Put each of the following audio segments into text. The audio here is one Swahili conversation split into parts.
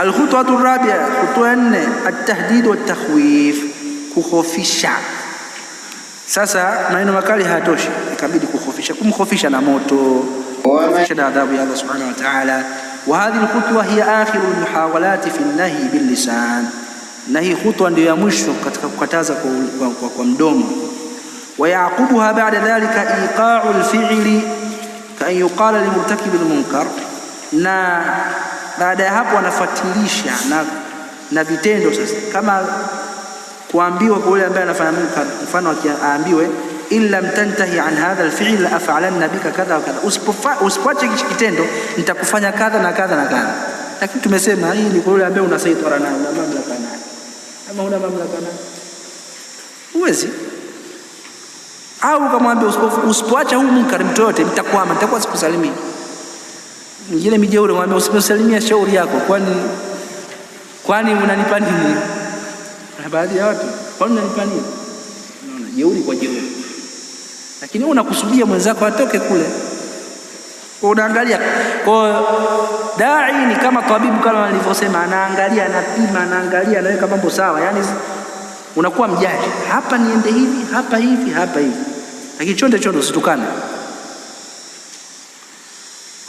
Alkhutwatu rabia, khutwa nne, atahdid wa takhwif, kukhofisha. Sasa maneno makali hayatoshi, ikabidi kukhofisha, kumkhofisha na moto, na adhabu ya Allah subhanahu wa ta'ala. Wa hadhihi alkhutwa hiya akhiru almuhawalati fi nahyi bil lisan, na hii khutwa ndio ya mwisho katika kukataza kwa mdomo. Wa yaqubuha ba'da dhalika iqa'u alfi'li ka an yuqala lilmurtakibi almunkar na baada ya hapo anafuatilisha na, na vitendo sasa, kama kuambiwa kwa yule ambaye anafanya Mungu, mfano aambiwe in lam tantahi an hadha alfi'l la af'alanna bika kadha wa kadha, usipoache kichi kitendo nitakufanya kadha na kadha na kadha. Lakini tumesema hii ni kwa yule ambaye unasaitwara naye, una mamlaka naye, ama una mamlaka naye uwezi au ukamwambia usipoacha huu munkar mtu yote, mtakwama, mtakuwa sikusalimia. Mwingine mijeuri mwambia usiposalimia shauri yako, kwani kwani unanipa nini? Na baadhi ya watu kwani unanipa nini? Unaona jeuri kwa jeuri, lakini wewe unakusudia mwenzako atoke kule, unaangalia kwa dai. Ni kama tabibu, kama nilivyosema, anaangalia, anapima, anaangalia, anaweka mambo sawa, yani unakuwa mjaji, hapa niende hivi, hapa hivi, hapa hivi, lakini chonde chonde, usitukane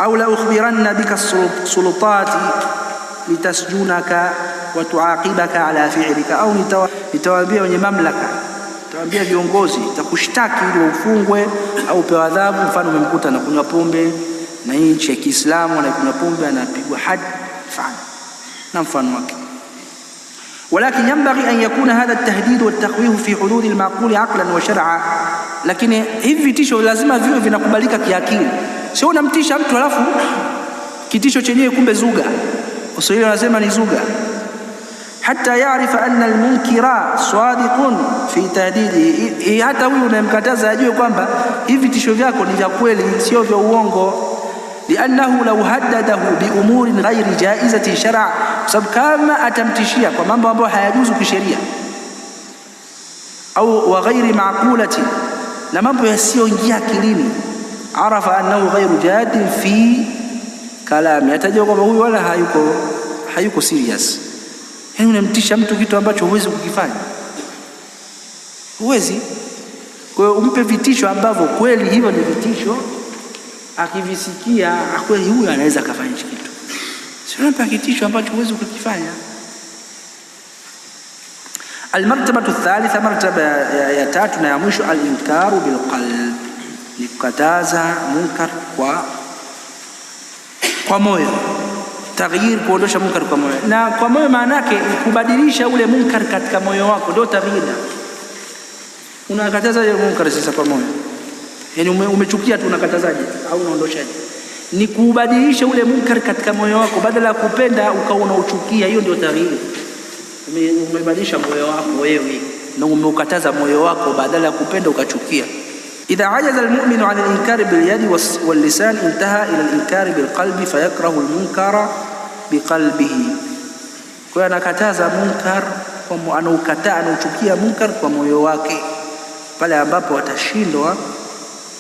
au la ukhbiranna bika sultati litasjunaka wa tuaqibaka ala fi'lika, au nitawaambia wenye mamlaka, nitawaambia viongozi, takushtaki ili ufungwe au upewe adhabu. Mfano, umemkuta anakunywa pombe na hii nchi ya Kiislamu anakunywa pombe, anapigwa hadi fani na mfano wake. Walakin yanbaghi an yakuna hadha at-tahdid wa at-takhwifu fi hududi al-maquli aqlan wa shar'a, lakini hivi vitisho lazima viwe vinakubalika kiakili Sio unamtisha mtu halafu kitisho chenyewe kumbe zuga. Waswahili wanasema ni zuga. Hata yaarifa anna almunkira sadiqun fi tahdidihi, hata huyu unayemkataza ajue kwamba hivi vitisho vyako ni vya kweli, sio vya uongo. Liannahu law haddadahu bi umurin ghairi jaizati shar'a, kwa sababu kama atamtishia kwa mambo ambayo hayajuzu kisheria au wa ghairi maqulati, na mambo yasiyoingia akilini arafa annahu ghairu jadin fi kalami, atajua kwamba huyu wala hayuko, hayuko serious. Yani unamtisha mtu kitu ambacho huwezi kukifanya, huwezi. Kwa hiyo umpe vitisho ambavyo kweli hivyo ni vitisho, akivisikia kweli huyu anaweza akafanya hicho kitu, sio unampa kitisho ambacho huwezi kukifanya. Almartabatu thalitha, martaba ya tatu na ya mwisho, alinkaru ni kukataza munkar kwa kwa moyo, taghyir, kuondosha munkar kwa moyo. Na kwa moyo maana yake kubadilisha ule munkar katika moyo wako, ndio taghyir. Unakataza ile munkar sasa kwa moyo, yani umechukia tu, unakatazaje au unaondoshaje? Ni kubadilisha ule munkar katika moyo wako, badala ya kupenda ukawa unauchukia. Hiyo ndio taghyir, umebadilisha moyo wako wewe na umeukataza moyo wako, badala ya kupenda ukachukia idha ajaza almuminu an alinkari bilyadi wallisan intaha ila alinkari bilqalbi fayakrahu almunkara biqalbihi. Kwa hiyo anakataza munkar, anaukataa anauchukia munkar kwa moyo wake, pale ambapo atashindwa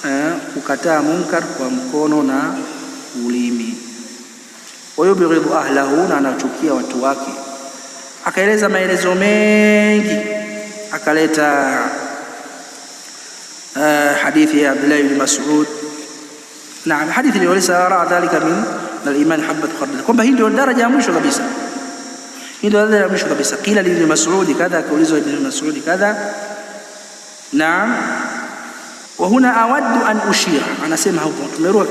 eh, kukataa munkar kwa mkono na ulimi. Wayubghidu ahlahu, na anachukia watu wake. Akaeleza maelezo mengi akaleta آه، حديث عبد الله بن مسعود نعم حديث اللي وليس راى ذلك من الايمان حبه خردل كم هي درجه مش غبيسه هي درجه مش غبيسه قيل لابن مسعود كذا قيل لابن مسعود كذا نعم وهنا اود ان اشير انا اسمها هو تمروا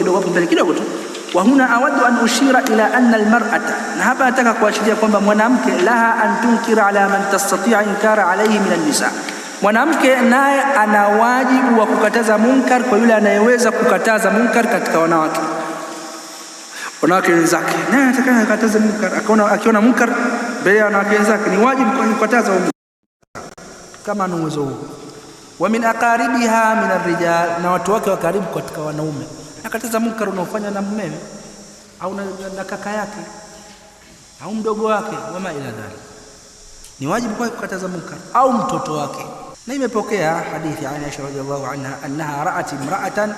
وهنا اود ان اشير الى ان المراه نحب اتاك كواشيريا كwamba mwanamke لها ان تنكر على من تستطيع انكار عليه من النساء Mwanamke naye ana wajibu wa kukataza munkar kwa yule anayeweza kukataza munkar katika wanawake wanawake wenzake, naye anataka akataze munkar, akiona akiona munkar mbele ya wanawake wenzake, ni wajibu kwa kukataza huo kama ana uwezo huo. Wa min aqaribiha min arrijal, na watu wake wa karibu katika wanaume, akataza munkar unaofanya na mumewe au na, na kaka yake au mdogo wake, wama ila dhalik, ni wajibu kwa kukataza munkar au mtoto wake. لم يبقيها حديث عن عائشة رضي الله عنها أنها رأت امرأة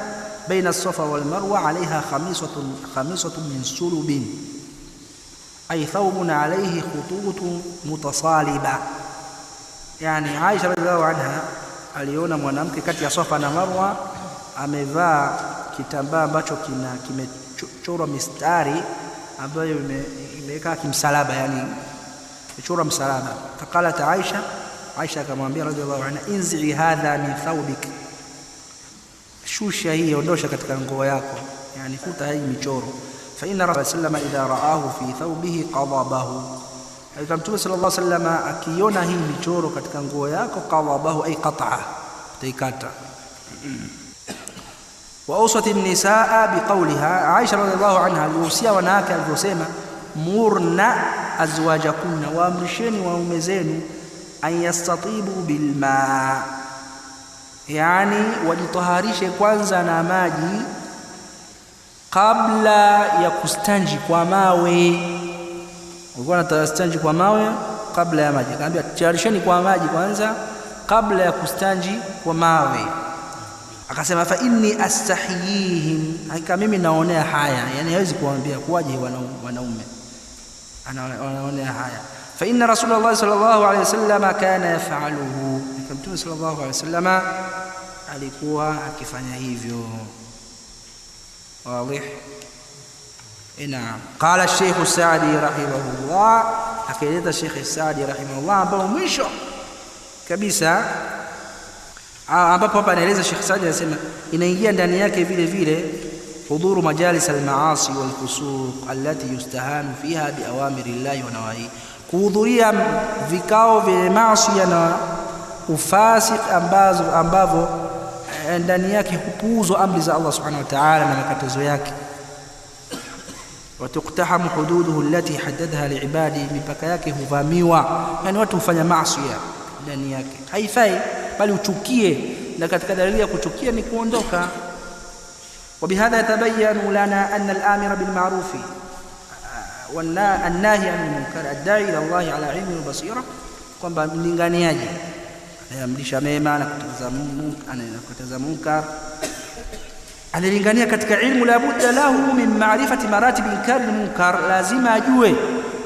بين الصفا والمروة عليها خميصة, خميصة من سلب أي ثوب عليه خطوط متصالبة يعني Aisha radhiallahu anha aliona mwanamke kati ya Safa na Marwa amevaa kitambaa ambacho kina kimechorwa mistari ambayo imeweka kimsalaba yani imechorwa msalaba faqalat Aisha Aisha akamwambia radhiallahu anha, inzii hadha min thawbik, shusha hii, ondosha katika nguo yako, yani futa hii michoro. Fa inna rasul sallama idha raahu fi thawbihi qadabahu, hakika Mtume sallallahu alaihi wasallam akiona hii michoro katika nguo yako, qadabahu ay qat'a, utaikata واوصت النساء بقولها عائشه رضي الله عنها aliusia wanawake alivyosema murna azwajakunna waamrisheni waume zenu an yastatibu bilma, yani wajitaharishe kwanza na maji kabla ya kustanji kwa mawe. Walikuwa wanastanji kwa mawe kabla ya maji, kaambia tayarisheni kwa maji kwanza kabla ya kustanji kwa mawe. Akasema fa inni astahiyihim, hakika mimi naonea haya. Yani hawezi kuambia kuwaje wanaume, anaonea haya فإن رسول الله صلى الله عليه وسلم كان يفعله فمتون صلى الله عليه وسلم عليكوا أكفاني هيفيو واضح إنا قال الشيخ السعدي رحمه الله أكيد الشيخ السعدي رحمه الله أبو منشو كبيسة أبو بابا نريز الشيخ السعدي يسمى إن هي دانياك فيلي فيلي حضور مجالس المعاصي والفسوق التي يستهان فيها بأوامر الله ونواهيه kuhudhuria vikao vyenye maasiya na ufasik ambazo ambavyo ndani yake hupuuzwa amri za Allah subhanahu wa ta'ala na makatazo yake watuktahamu hududuhu allati haddadha liibadi mipaka yake huvamiwa yani watu hufanya maasi ndani yake haifai bali uchukie na katika dalili ya kuchukia ni kuondoka وبهذا يتبين لنا أن الآمر بالمعروف والناهي عن المنكar addai ila Allahi ala ilmi basira kwamba mlinganiaji anayeamrisha mema na kukataza munkar anayekataza munkar analingania katika ilmu la budda lahu min ma'rifati maratib inkar munkar lazima ajue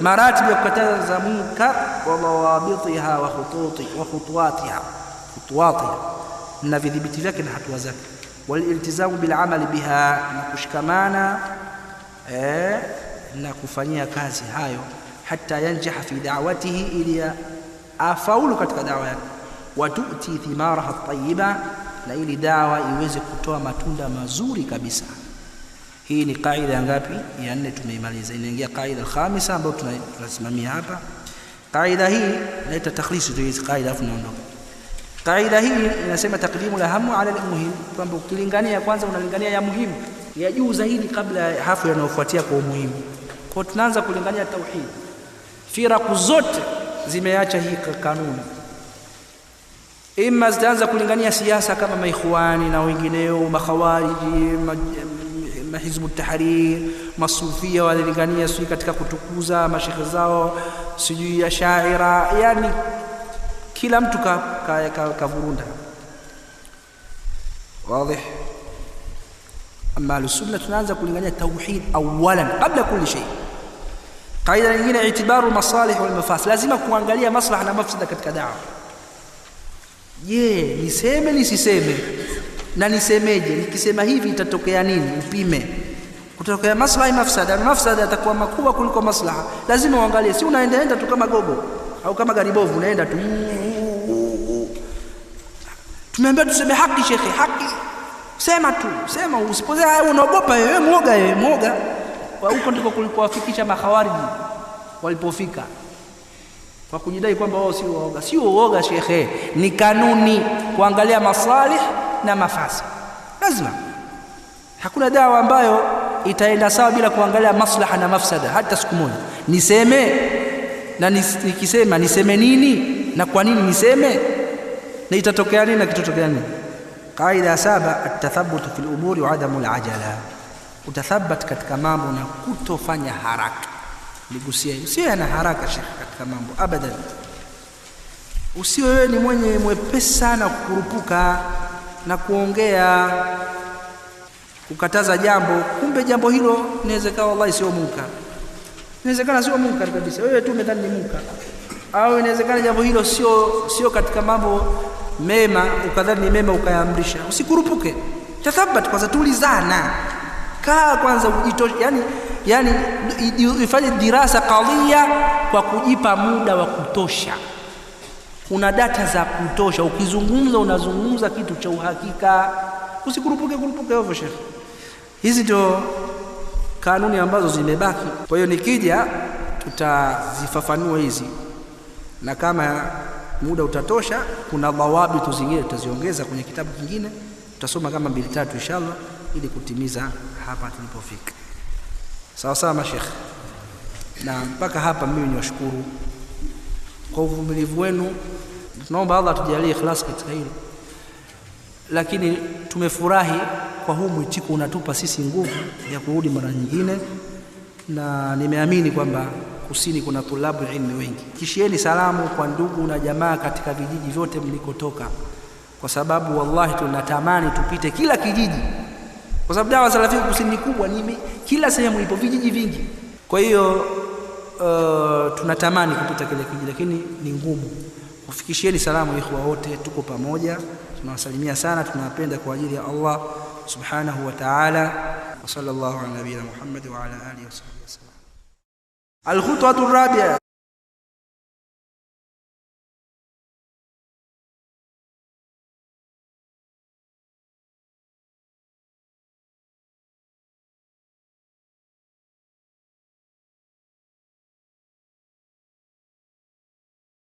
maratib ya kukataza munkar wa dawabitiha wa khututi wa khutwatiha khutwatiha na vidhibiti vyake na hatua zake والالتزام بالعمل بها na kushikamana eh na kufanyia kazi hayo hata yanjaha fi da'watihi ili afaulu katika dawa yake watuti thimaraha tayiba na ili dawa iweze kutoa matunda mazuri kabisa hii ni kaida ya ngapi ya nne tumeimaliza inaingia kaida alkhamisa ambayo tunasimamia hapa kaida hii inaita takhlisu tu hizi kaida afu naondoka kaida hii inasema takdimu la hamu ala almuhim kwamba ukilingania kwanza unalingania ya muhimu ya juu zaidi kabla ya hafu yanayofuatia kwa umuhimu. Kwa tunaanza kulingania tauhid. Firaku zote zimeacha hii kanuni, ima zitaanza kulingania siasa kama maikhwani na wengineo, makhawariji, mahizbu tahrir, masufia walilingania sijui katika kutukuza mashekhe zao, sijui ya shaira, yani kila mtu kavurunda ka, ka, ka wazi ambalo sunna tunaanza kulingania tauhid awalan kabla kulli shay. Kaida nyingine itibaru masalih wal mafasid, lazima kuangalia maslaha na mafsada katika dawa. Je, niseme nisiseme? Na nisemeje? Nikisema hivi itatokea nini? Upime kutokea maslahi mafsada, mafsada yatakuwa makubwa kuliko maslaha. Lazima uangalie, si unaenda enda tu kama gogo au kama garibovu, unaenda tu. tumeambia tuseme haki, shekhi haki sema tu, sema usipoze. Unaogopa wewe, mwoga wewe, mwoga. Kwa huko ndiko kulipowafikisha makhawariji walipofika kwa kujidai kwamba wao sio waoga. Sio uoga shekhe, ni kanuni kuangalia masalih na mafasi. Lazima hakuna dawa ambayo itaenda sawa bila kuangalia maslaha na mafsada hata siku moja. Niseme na nikisema niseme nini na kwa nini niseme na itatokea nini na kitotokea nini? Kaida ya saba, atathabutu fil umuri wa adamu alajala, utathabat katika mambo na kutofanya haraka. Nigusia, usiwe ana haraka shekhi katika mambo abadan, usiwe wewe ni mwenye mwepesi sana kukurupuka na kuongea kukataza jambo, kumbe jambo hilo inawezekana wallahi sio muka inawezekana sio muka kabisa, wewe tu umedhani ni muka au inawezekana jambo hilo sio sio katika mambo mema ukadhani ni mema ukayaamrisha usikurupuke tathabat kwanza tulizana kaa kwanza ujito yani yani ifanye dirasa kadhia kwa kujipa muda wa kutosha una data za kutosha ukizungumza unazungumza kitu cha uhakika usikurupuke kurupuke ovyo shekhe hizi ndio kanuni ambazo zimebaki kwa hiyo nikija tutazifafanua hizi na kama muda utatosha. Kuna dhawabitu zingine tutaziongeza kwenye kitabu kingine, tutasoma kama mbili tatu inshallah, ili kutimiza hapa tulipofika. Sawa sawa mashekhe, na mpaka hapa mimi niwashukuru kwa uvumilivu wenu. Tunaomba Allah atujalie ikhlas katika hili, lakini tumefurahi kwa huu mwitiko, unatupa sisi nguvu ya kurudi mara nyingine, na nimeamini kwamba Kusini kuna tulabu ilmi wengi. Kishieni salamu kwa ndugu na jamaa katika vijiji vyote mlikotoka, kwa sababu wallahi tunatamani tupite kila kijiji, kwa sababu dawa salafia kusini ni kubwa, ni kila sehemu ipo, vijiji vingi. Kwa hiyo uh, tunatamani kupita kila kijiji, lakini ni ngumu. Kufikishieni salamu ikhwa wote, tuko pamoja, tunawasalimia sana, tunawapenda kwa ajili ya Allah subhanahu wa ta'ala. Wa sallallahu ala nabiyina Muhammad wa ala alihi wa sahbihi wasallam. الخطوة الرابعة